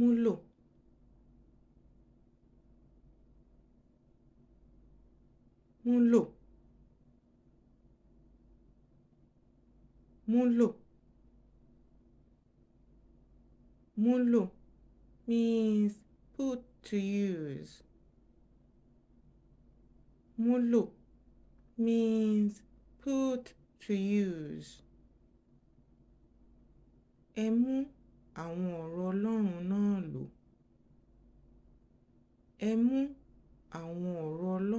múlò múlò múlò múlò means put to use múlò means put to use ẹ mú àwọn ọ̀rọ̀ Ọlọ́run náà ẹ mú àwọn ọ̀rọ̀ ọlọ́run